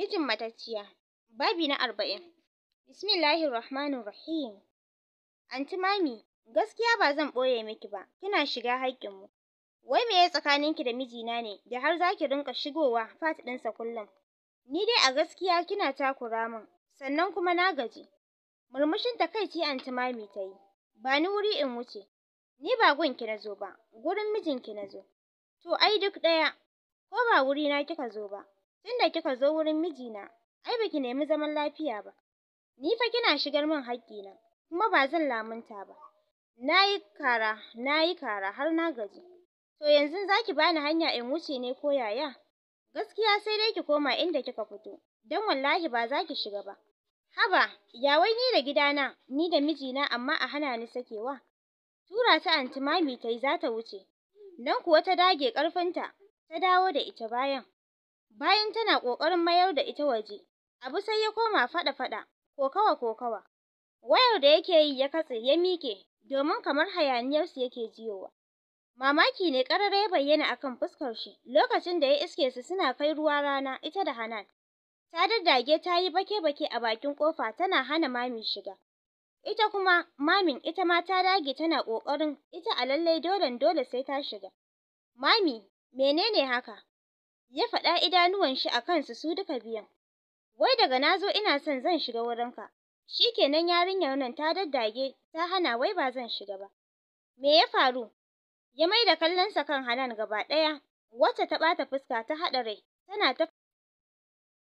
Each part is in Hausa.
Mijin matacciya. Babi na arba'in. Bismillahir Rahmanir Rahim. Anti Mami, gaskiya ba zan ɓoye miki ba, kina shiga haƙƙin mu. Wai me ya tsakaninki da mijina ne da har za ki rinƙa shigowa fat ɗinsa kullum? Ni dai a gaskiya kina takura min, sannan kuma na gaji. Murmushin takaici Anti Mami ta yi. Ba ni wuri in wuce. Ni ba ki na zo ba, gurin mijinki na zo. To ai duk ɗaya, ko ba wuri na kika zo ba, tunda kika zo wurin mijina ai baki nemi zaman lafiya ba ni fa kina shigar min haƙƙina kuma ba zan lamunta ba nayi kara nayi kara har na gaji to yanzu zaki bani hanya in wuce ne ko yaya gaskiya sai dai ki koma inda kika fito dan wallahi ba zaki shiga ba haba ya wai ni da gidana ni da mijina amma a hana ni sakewa tura ta anti mami tayi za ta wuce nan kuwa ta dage karfinta, ta dawo da ita bayan bayan tana ƙoƙarin mayar da ita waje abu sai ya koma faɗa faɗa kokawa kokawa wayar da yake yi ya katse ya mike domin kamar hayaniyar su yake jiyowa mamaki ne ƙarar ya bayyana akan fuskar shi lokacin da ya iske su suna kai ruwa rana ita da Hanan ta daddage ta yi bake bake a bakin kofa tana hana mami shiga ita kuma mamin ita ma ta dage tana ƙoƙarin ita a lallai dolen dole sai ta shiga mami menene haka ya faɗa idanuwan shi a kansu su duka biyan. Wai daga na zo ina son zan shiga wurinka, shi kenan yarinyar nan ta daddage ta hana wai ba zan shiga ba. Me ya faru? Ya mai da kallonsa kan Hanan gaba ɗaya, wacce ta ɓata fuska ta haɗa rai, tana ta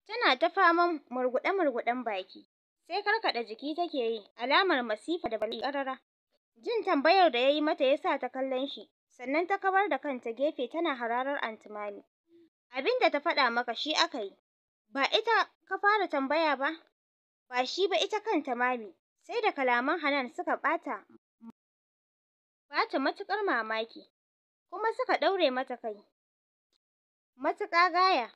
tana ta faman murguɗe-murguɗen baki. Sai karkaɗa jiki take yi, alamar masifa da bali ƙarara. Jin tambayar da ya yi mata ya sa ta kallon shi, sannan ta kawar da kanta gefe tana hararar antimami. abin da ta faɗa maka shi aka yi ba ita ka fara tambaya ba ba shi ba ita kanta mami sai da kalaman Hanan suka ɓata bata matuƙar mamaki kuma suka ɗaure mata kai matuƙa gaya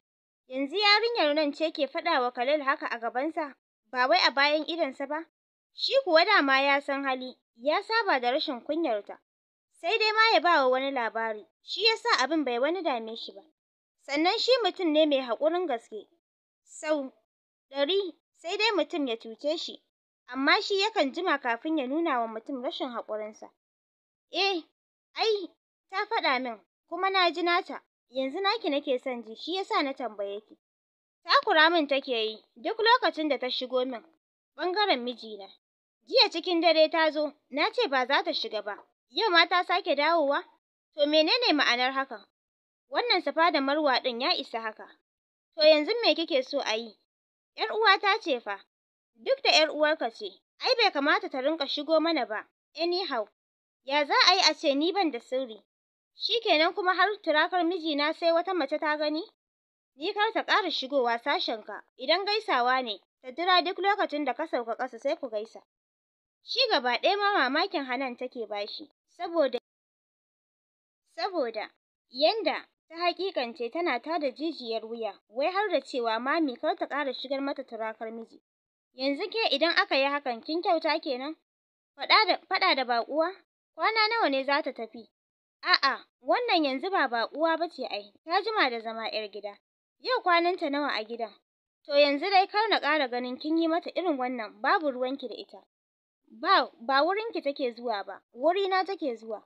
yanzu yarinyar nan ce ke faɗa wa Khalil haka a gabansa ba wai a bayan idonsa ba shi kuwa dama ya san hali ya saba da rashin kunyarta sai dai ma ya ba wa wani labari shi yasa abin bai wani dame shi ba sannan shi mutum ne mai haƙurin gaske sau ɗari sai dai mutum ya cuce shi amma shi yakan jima kafin ya nuna wa mutum rashin haƙurinsa eh ai ta faɗa min kuma na ji nata yanzu naki nake son ji shi yasa na tambaye ki takura min take yi duk lokacin da ta shigo min ɓangaren mijina jiya cikin dare ta zo na ce ba za ta shiga ba yau ma ta sake dawowa to menene ma'anar hakan wannan safa da marwa ɗin ya isa haka to yanzu me kike so a yi ƴar uwata ce fa duk da 'yar uwarka ce ai bai kamata ta rinka shigo mana ba anyhow ya za a yi a ce ni ban da sirri shikenan kuma har turakar mijina sai wata mace ta gani ni kar ta ƙara shigowa sashenka idan gaisawa ne ta jira duk lokacin da ka sauka ƙasa sai ku gaisa shi gaba ɗaya ma mamakin hanan take bashi saboda saboda yanda ta hakikance tana tada jijiyar wuya wai har da cewa mami kar ta ƙara shigar mata turakar miji yanzu ke idan aka yi hakan kin kyauta kenan faɗa da faɗa da baƙuwa kwana nawa ne za ta tafi a'a wannan yanzu ba baƙuwa ba ce ai ta jima da zama yar gida yau kwananta nawa a gidan to yanzu dai kar na ƙara ganin kin yi mata irin wannan babu ruwanki da ita ba ba wurinki take zuwa ba wurina take zuwa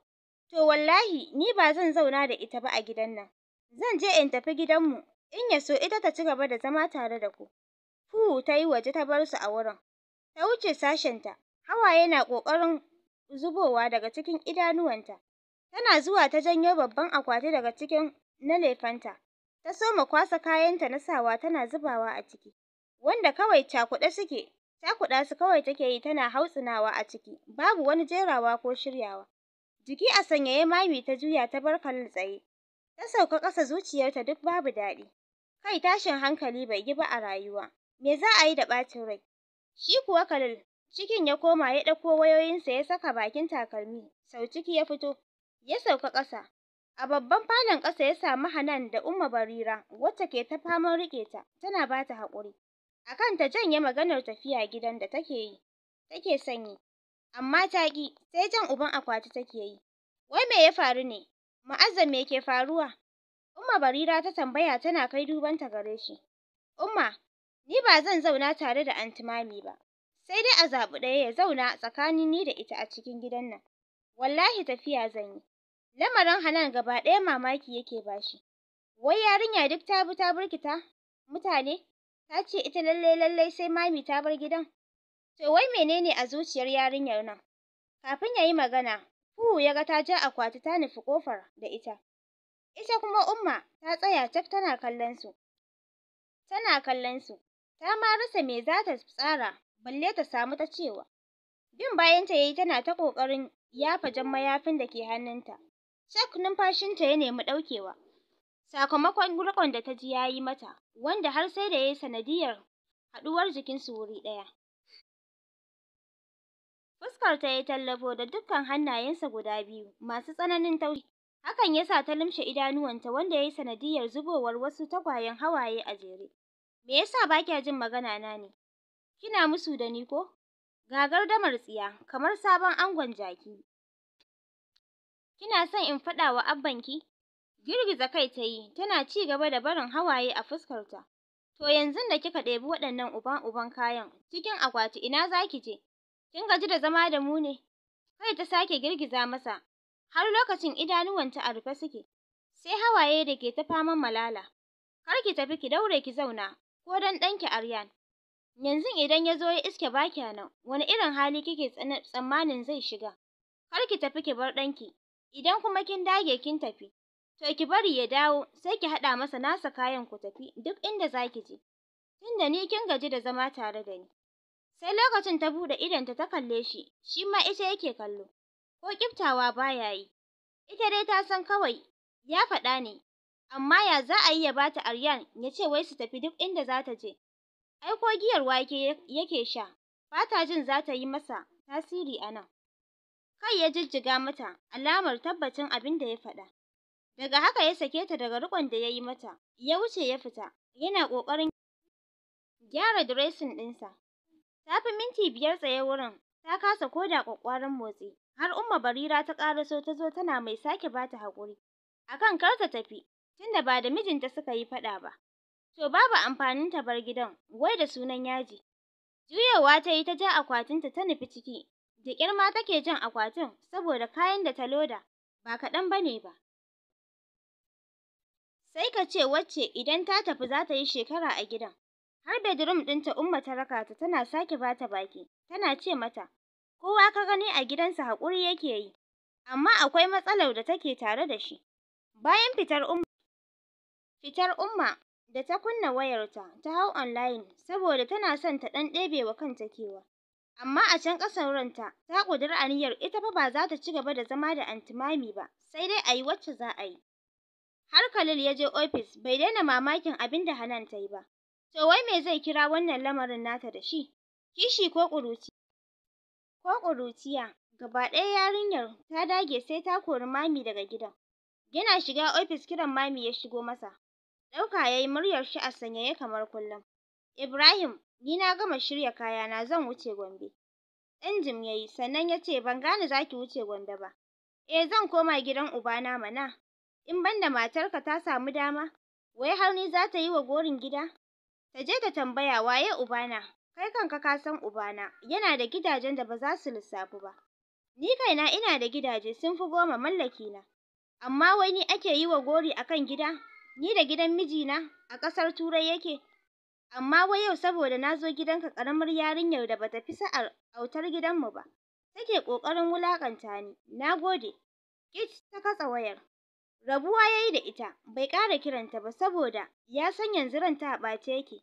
To wallahi ni ba zan zauna da ita ba a gidan nan. Zan je in tafi gidanmu in ya so ita ta ci gaba da zama tare da ku. Fu ta yi waje ta bar su a wurin. Ta wuce sashenta. Hawaye na ƙoƙarin zubowa daga cikin idanuwanta. Tana zuwa ta janyo babban akwati daga cikin na lefanta. Ta soma kwasa kayanta na sawa tana zubawa a ciki. Wanda kawai cakuɗe suke, cakuɗa su kawai take yi tana hautsinawa a ciki, babu wani jerawa ko shiryawa. Jiki a sanyaye mami ta juya ta bar kanin tsaye. Ta sauka ƙasa zuciyarta duk babu daɗi. Kai tashin hankali bai yi ba a rayuwa. Me za a yi da ɓacin rai? Shi kuwa kalil cikin ya koma ya ɗauko wayoyinsa ya saka bakin takalmi. Sau ciki ya fito. Ya sauka ƙasa. A babban falon ƙasa ya samu Hanan da Umma Barira wacce ke ta faman riƙe ta tana bata ta haƙuri. Akan ta janye maganar tafiya gidan da take yi. Take sanyi. amma ta ƙi sai jan uban akwati take yi wai me ya faru ne ma'azzam me ke faruwa umma barira ta tambaya tana kai dubanta gare shi umma ni ba zan zauna tare da anti mami ba sai dai a zaɓi ɗaya ya zauna tsakanin ni da ita a cikin gidan nan wallahi tafiya zan yi lamarin hanan gaba ɗaya mamaki yake bashi wai yarinya duk ta bi ta birkita mutane ta ce ita lallai lallai sai mami ta bar gidan To wai menene a zuciyar yarinyar nan? Kafin ya yi magana, Hu ya ga ta ja akwati ta nufi ƙofar da ita. Ita kuma Umma ta tsaya cak tana kallon su. Tana kallon su. Ta ma rasa me za ta tsara balle ta samu ta cewa. Bin bayanta yayi tana ta ƙoƙarin yafa jan mayafin da ke hannunta. Cak numfashinta ya nemi ɗaukewa. Sakamakon riƙon da ta ji ya yi mata, wanda har sai da ya yi sanadiyyar haɗuwar jikinsu wuri ɗaya. Fuskar ta ya tallafo da dukkan hannayensa guda biyu masu tsananin taushi. Hakan ya sa ta lumshe idanuwanta wanda ya yi sanadiyar zubowar wasu tagwayen hawaye a jere. Me yasa ba kya jin magana na ne? Kina musu da ni ko? Gagar damar tsiya kamar sabon angon jaki. Kina son in faɗa wa abbanki? Girgiza kai ta yi tana ci gaba da barin hawaye a fuskarta. To yanzu da kika ɗebi waɗannan uban uban kayan cikin akwati ina za ki je? Kin gaji da zama da mu ne? Kai ta sake girgiza masa. Har lokacin idanuwanta a rufe suke. Sai hawaye da ke ta faman malala. Kar ki tafi ki daure ki zauna ko dan ɗanki Aryan. Yanzu idan ya zo ya iske ba nan, wani irin hali kike tsammanin zai shiga? Kar ki tafi ki bar ɗanki. Idan kuma kin dage kin tafi, to ki bari ya dawo sai ki haɗa masa nasa kayan ku tafi duk inda zaki je. Tunda ni kin gaji da zama tare da ni. sai lokacin ta buɗe idonta ta kalle shi shi ma ita yake kallo ko kiftawa baya yi ita dai ta san kawai ya faɗa ne amma ya za a yi ya bata aryan ya ce wai su tafi duk inda za ta je ai ko giyar wake yake sha ba jin za ta yi masa tasiri a nan kai ya jijjiga mata alamar tabbacin abin da ya faɗa daga haka ya sake ta daga riƙon da ya yi mata ya wuce ya fita yana ƙoƙarin gyara diresin ɗinsa Ta minti biyar tsaye wurin, ta kasa koda da motsi. Har Umma Barira ta ƙaraso ta zo tana mai sake bata ta haƙuri. kan kar ta tafi, tunda ba da mijinta suka yi faɗa ba. To babu amfanin ta bar gidan, wai da sunan yaji. Juyowa ta yi ta ja akwatinta ta nufi ciki. Da ƙyar ma take jan akwatin saboda kayan da ta loda ba kaɗan ba ne ba. Sai ka ce wacce idan ta tafi za ta yi shekara a gidan. har bedroom ɗinta Umma ta raka ta tana sake bata baki tana ce mata kowa ka gani a gidansa haƙuri yake yi amma akwai matsalar da take tare da shi bayan fitar Umma fitar Umma da ta kunna wayarta ta hau online saboda tana son ta ɗan ɗebe wa kanta kewa amma a can ƙasan ranta ta ƙudiri aniyar ita fa ba za ta ci gaba da zama da antimami ba sai dai a yi wacce za a yi har Khalil ya je ofis bai daina mamakin abin da Hanan ta yi ba To wai me zai kira wannan lamarin nata da shi? Kishi ko ƙuruci? Ko ƙuruciya? Gaba ɗaya yarinyar ta dage sai ta kori mami daga gidan. Yana shiga ofis kiran mami ya shigo masa. Ɗauka ya yi muryar shi a sanyaye kamar kullum. Ibrahim, ni na gama shirya kayana zan wuce Gombe. Ɗan jim ya yi sannan ya ce ban gane za ki wuce Gombe ba. Eh zan koma gidan ubana mana. In banda matarka ta samu dama, wai har ni za ta yi wa gorin gida? ta je ta tambaya waye ubana kai kanka ka san ubana yana da gidajen da ba za su lissafu ba ni kaina ina da gidaje sun fi goma mallaki na amma wai ni ake yi wa gori a kan gida ni da gidan mijina a ƙasar turai yake amma wai yau saboda na zo gidanka ƙaramar yarinyar da ba ta fi sa'ar autar gidanmu ba take ƙoƙarin wulaƙanta ni na gode Kit ta katsa wayar rabuwa ya yi da ita bai ƙara kiranta ba saboda ya san yanzu ranta a ɓace yake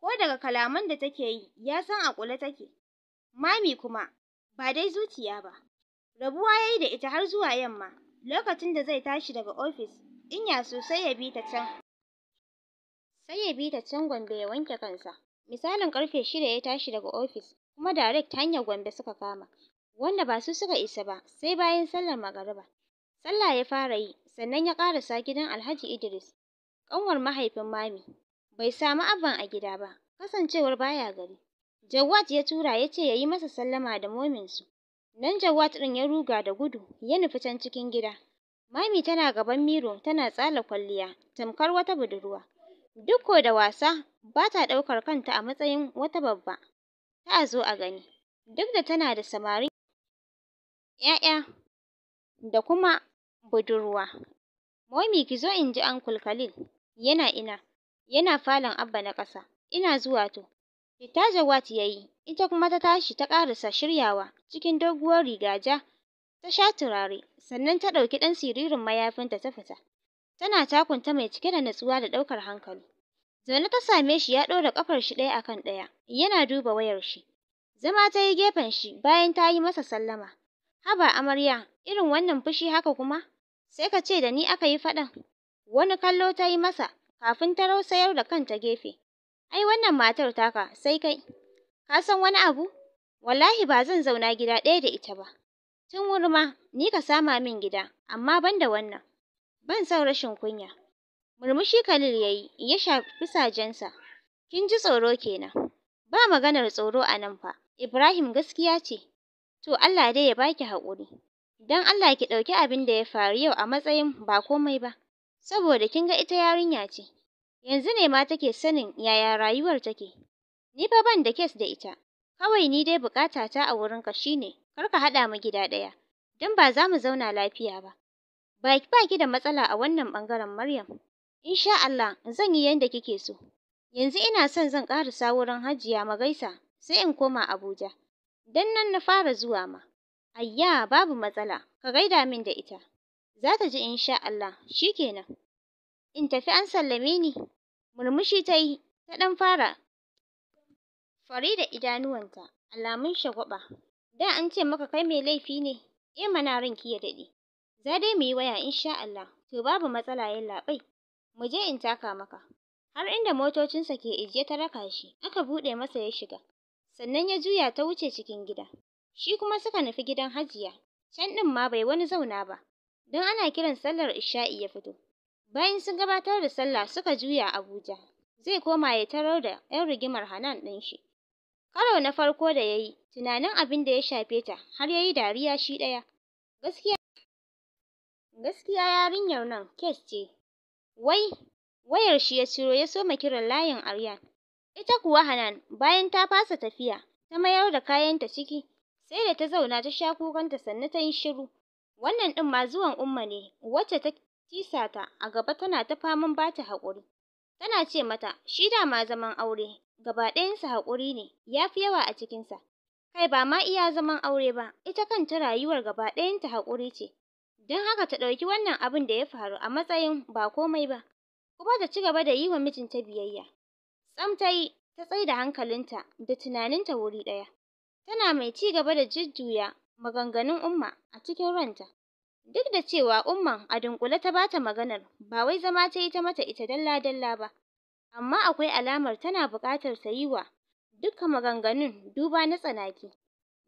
ko daga kalaman da take yi ya san a ƙule take mami kuma ba dai zuciya ba rabuwa ya yi da ita har zuwa yamma lokacin da zai tashi daga ofis in ya so sai ya bi ta can sai ya bi ta can Gombe ya wanke kansa misalin karfe shida ya tashi daga ofis kuma direct hanyar Gombe suka kama wanda ba su suka isa ba sai bayan sallar magariba sallah ya fara yi sannan ya ƙarasa gidan Alhaji Idris, ƙanwar mahaifin Mami. Bai samu abban a gida ba, kasancewar baya gari. Jawad ya tura ya ce ya yi masa sallama da mominsu. Nan Jawad ɗin ya ruga da gudu ya nufi can cikin gida. Mami tana gaban miro tana tsala kwalliya, tamkar wata budurwa. Duk ko da wasa ba ta ɗaukar kanta a matsayin wata babba. Ta zo a gani, duk da tana da samari ‘ya'ya da kuma budurwa. Mommy ki zo in ji Uncle Khalil. Yana ina? Yana falon Abba na ƙasa. Ina zuwa to. Fita Jawad ya ita kuma ta tashi ta ƙarasa shiryawa cikin doguwar rigaja. Ta sha turare, sannan ta ɗauki ɗan siririn mayafinta ta fita. Tana takunta mai cike da natsuwa da ɗaukar hankali. Zaune ta same shi ya ɗora ƙafar shi ɗaya akan ɗaya, yana duba wayar shi. Zama ta yi gefen shi bayan ta yi masa sallama. Haba amarya, irin wannan fushi haka kuma? Sai ka ce da ni aka yi faɗan. Wani kallo ta yi masa, kafin ta rausayar da kanta gefe. Ai wannan matar taka, sai kai. Ka san wani abu? Wallahi ba zan zauna gida ɗaya da ita ba. Tun wuri ma, ni ka sama min gida, amma ban da wannan. Ban son rashin kunya. Murmushi Khalil ya yi, ya shafi sajensa. Kin ji tsoro kenan. Ba maganar tsoro a nan fa. Ibrahim gaskiya ce. To Allah dai ya baki haƙuri. dan Allah ki ɗauki abin da ya faru yau a matsayin ba komai ba. Saboda kin ga ita yarinya ce. Yanzu ne ma take sanin yaya rayuwar take. Ni fa ban da kes da ita. Kawai ni dai bukata ta a wurin wurinka shine kar ka haɗa mu gida ɗaya. dan ba za mu zauna lafiya ba. Ba ki da matsala a wannan bangaren Maryam. Insha Allah zan yi yanda kike so. Yanzu ina son zan ƙarasa wurin Hajiya Magaisa sai in koma Abuja. Dan nan na fara zuwa ma. Ayya babu matsala, ka gaida min da ita. Za ta ji insha Allah, shi kenan. In tafi an sallame ni? Murmushi ta yi, ta ɗan fara fari da idanuwanta, alamun shagwaɓa. Da an ce maka kai mai laifi ne? E, mana ki ya daɗi. Za dai mu yi waya insha Allah, to babu matsala yallaɓai. Mu je in taka maka. Har inda motocinsa ke ajiye ta raka shi, aka buɗe masa ya shiga. sannan ya juya ta wuce cikin gida. Shi kuma suka nufi gidan Hajiya, can ɗin ma bai wani zauna ba, don ana kiran sallar Isha'i ya fito. Bayan sun gabatar da sallah suka juya Abuja, zai koma ya tarar da 'yan rigimar Hanan ɗin shi. Karo na farko da ya yi, tunanin abin da ya shafe ta har ya yi dariya shi ɗaya. Gaskiya gaskiya yarinyar nan kes ce. Wai wayar shi ya ciro ya soma kiran layin Aryan Ita kuwa Hanan bayan ta fasa tafiya ta mayar da kayanta ciki sai da ta zauna ta sha kukanta sannan ta yi shiru. Wannan ɗin ma zuwan Umma ne wacce ta tisa ta a gaba tana ta faman ba ta haƙuri. Tana ce mata shi da ma zaman aure gaba ɗayansa haƙuri ne ya fi yawa a cikinsa. Kai ba ma iya zaman aure ba ita kanta rayuwar gaba ɗayanta haƙuri ce. Don haka ta ɗauki wannan abin da ya faru a matsayin ba komai ba. Kuma ta ci gaba da yi wa mijinta biyayya. Tsam ta yi, ta tsaida hankalinta da tunaninta wuri ɗaya. Tana mai ci gaba da jujjuya maganganun Umma a cikin ranta. Duk da cewa Umman a dunkule ta bata maganar, ba wai zama ta yi ta mata ita dalla-dalla ba. Amma akwai alamar tana buƙatar ta yi wa dukka maganganun duba na tsanaki.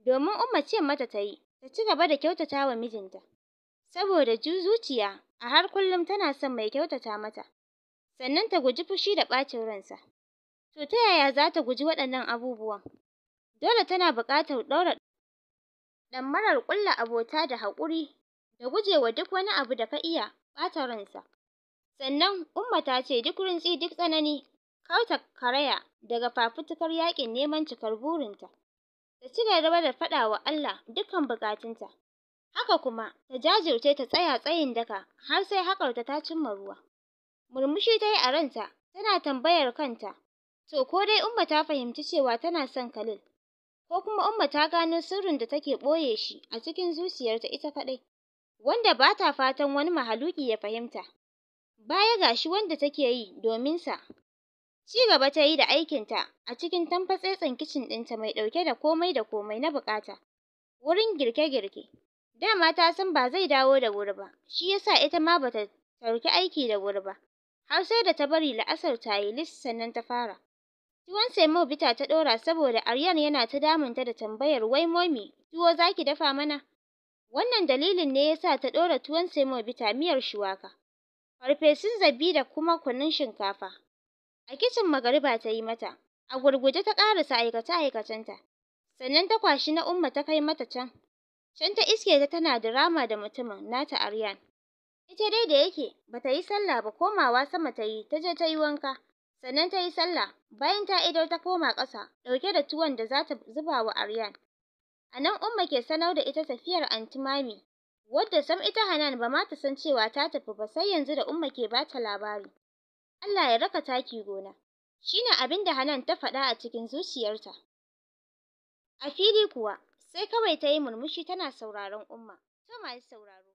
Domin Umma ce mata ta yi, ta ci gaba da kyautata wa mijinta. Saboda zuciya a har kullum tana son mai kyautata mata. Sannan ta guji fushi da ɓacin ransa. to ta yaya za ta guji waɗannan abubuwan dole tana buƙatar ɗaura ɗamarar ƙulla abota da haƙuri da gujewa duk wani abu da ka iya ɓata ransa sannan umma ta ce duk rintsi duk tsanani kauta karaya daga fafutukar yaƙin neman cikar burinta ta ci gaba da faɗa wa Allah dukkan buƙatunta haka kuma ta jajirce ta tsaya tsayin daka har sai haƙarta ta cimma ruwa murmushi ta yi a ranta tana tambayar kanta To ko dai Umma ta fahimci cewa tana son Khalil, ko kuma Umma ta gano sirrin da take ɓoye shi a cikin zuciyarta ita kaɗai, wanda ba ta fatan wani mahaluki ya fahimta. Baya ga shi wanda take yi domin sa. Ci gaba ta yi da aikinta a cikin tamfatsetsen kicin ɗinta mai ɗauke da komai da komai na bukata Wurin girke-girke. Dama ta san ba zai dawo da wuri ba, shi yasa ita ma bata ɗauki aiki da wuri ba. Har sai da ta bari la'asar ta yi list sannan ta fara. Tuwon semo bita ta ɗora saboda Aryan yana ta damunta da tambayar wai momi tuwo zaki dafa mana? Wannan dalilin ne ya sa ta ɗora tuwon semo bita miyar shuwaka, farfesun zabi da kuma kunun shinkafa. A kicin magariba ta yi mata, a gurguje ta ƙarasa aikace-aikacenta, sannan ta kwashi na Umma ta kai mata can. Can ta iske ta tana dirama da mutumin nata Aryan. Ita dai da yake bata yi sallah ba komawa sama ta yi ta je ta yi wanka. sannan ta yi sallah bayan ta idar ta koma ƙasa ɗauke da tuwon da za ta zuba wa Aryan a nan Umma ke sanar da ita tafiyar Anti Mami wadda sam ita Hanan ba ma ta san cewa ta tafi ba sai yanzu da Umma ke bata labari Allah ya raka taki gona shine abin da Hanan ta faɗa a cikin zuciyarta a fili kuwa sai kawai ta yi murmushi tana sauraron Umma to yi sauraro